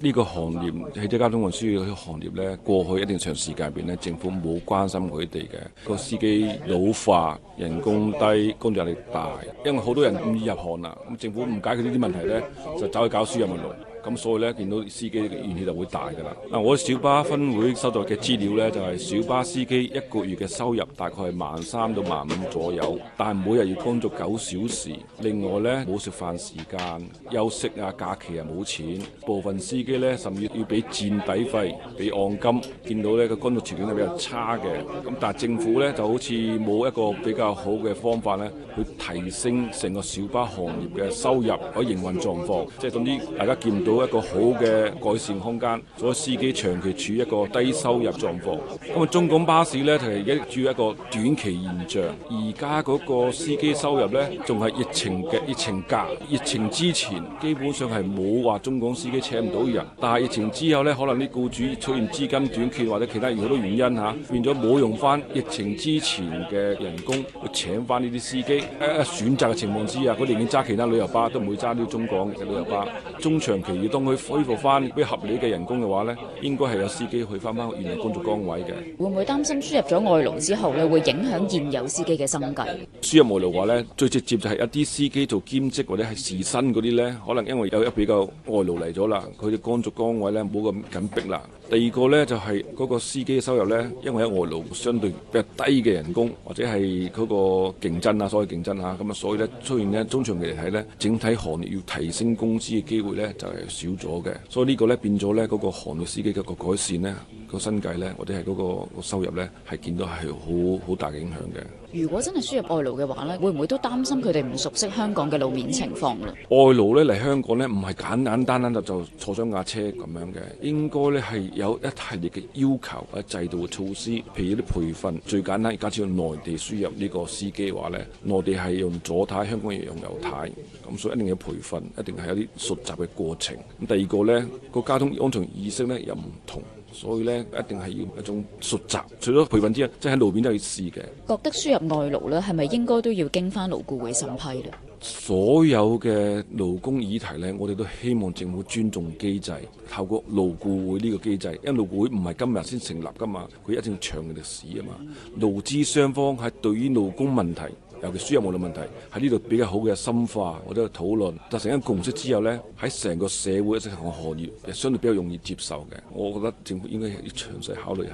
呢個行業，汽車交通運輸行業呢，過去一段長時間入邊呢，政府冇關心佢哋嘅個司機老化，人工低，工作壓力大，因為好多人唔意入行啦。咁政府唔解決呢啲問題呢，就走去搞輸入外勞。咁所以咧，見到啲司機怨氣就會大嘅啦。嗱、啊，我嘅小巴分會收到嘅資料咧，就係、是、小巴司機一個月嘅收入大概係萬三到萬五左右，但係每日要工作九小時，另外咧冇食飯時間休息啊、假期啊冇錢部分司機咧甚至要俾墊底費俾按金。見到咧個工作條件係比較差嘅。咁但係政府咧就好似冇一個比較好嘅方法咧，去提升成個小巴行業嘅收入同營運狀況，即係總之，就是、大家見到。一個好嘅改善空間，所以司機長期處於一個低收入狀況。咁啊，中港巴士咧就係主要一個短期現象。而家嗰個司機收入咧，仲係疫情嘅疫情價。疫情之前，基本上係冇話中港司機請唔到人。但係疫情之後咧，可能啲僱主出現資金短缺或者其他好多原因吓、啊，變咗冇用翻疫情之前嘅人工去請翻呢啲司機。啊、選擇嘅情況之下，佢寧願揸其他旅遊巴，都唔會揸呢啲中港嘅旅遊巴。中長期。而當佢恢復翻啲合理嘅人工嘅話咧，應該係有司機去翻翻原來工作崗位嘅。會唔會擔心輸入咗外勞之後咧，會影響現有司機嘅生計？輸入外勞嘅話咧，最直接就係一啲司機做兼職或者係時薪嗰啲咧，可能因為有一比較外勞嚟咗啦，佢哋工作崗位咧冇咁緊迫啦。第二個咧就係、是、嗰個司機嘅收入咧，因為喺外勞相對比較低嘅人工，或者係嗰個競爭啊，所謂競爭嚇咁啊，所以咧出現呢，中長期嚟睇咧，整體行業要提升工資嘅機會咧就係、是。少咗嘅，所以呢個咧變咗咧嗰個韓國司機嘅個改善咧。個新計咧，我哋係嗰個收入咧，係見到係好好大嘅影響嘅。如果真係輸入外勞嘅話咧，會唔會都擔心佢哋唔熟悉香港嘅路面情況呢？外勞咧嚟香港咧，唔係簡簡單單,單的就坐咗架車咁樣嘅，應該咧係有一系列嘅要求、嘅制度、措施，譬如啲培訓。最簡單，而家要內地輸入呢個司機嘅話咧，內地係用左軚，香港係用右軚，咁所以一定要培訓，一定係有啲熟習嘅過程。第二個咧，個交通安全意識咧又唔同。所以咧，一定係要一種熟習，除咗培訓之外，即係喺路面都要試嘅。覺得輸入外勞咧，係咪應該都要經返勞顧會審批咧？所有嘅勞工議題咧，我哋都希望政府尊重機制，透過勞顧會呢個機制，因為勞顧會唔係今日先成立㗎嘛，佢一段長嘅歷史啊嘛。勞資雙方係對於勞工問題。尤其輸入冇論問題，喺呢度比較好嘅深化或者，我哋討論，達成一啲共識之後咧，喺成個社會嘅啲行業亦相對比較容易接受嘅，我覺得政府應該要詳細考慮下。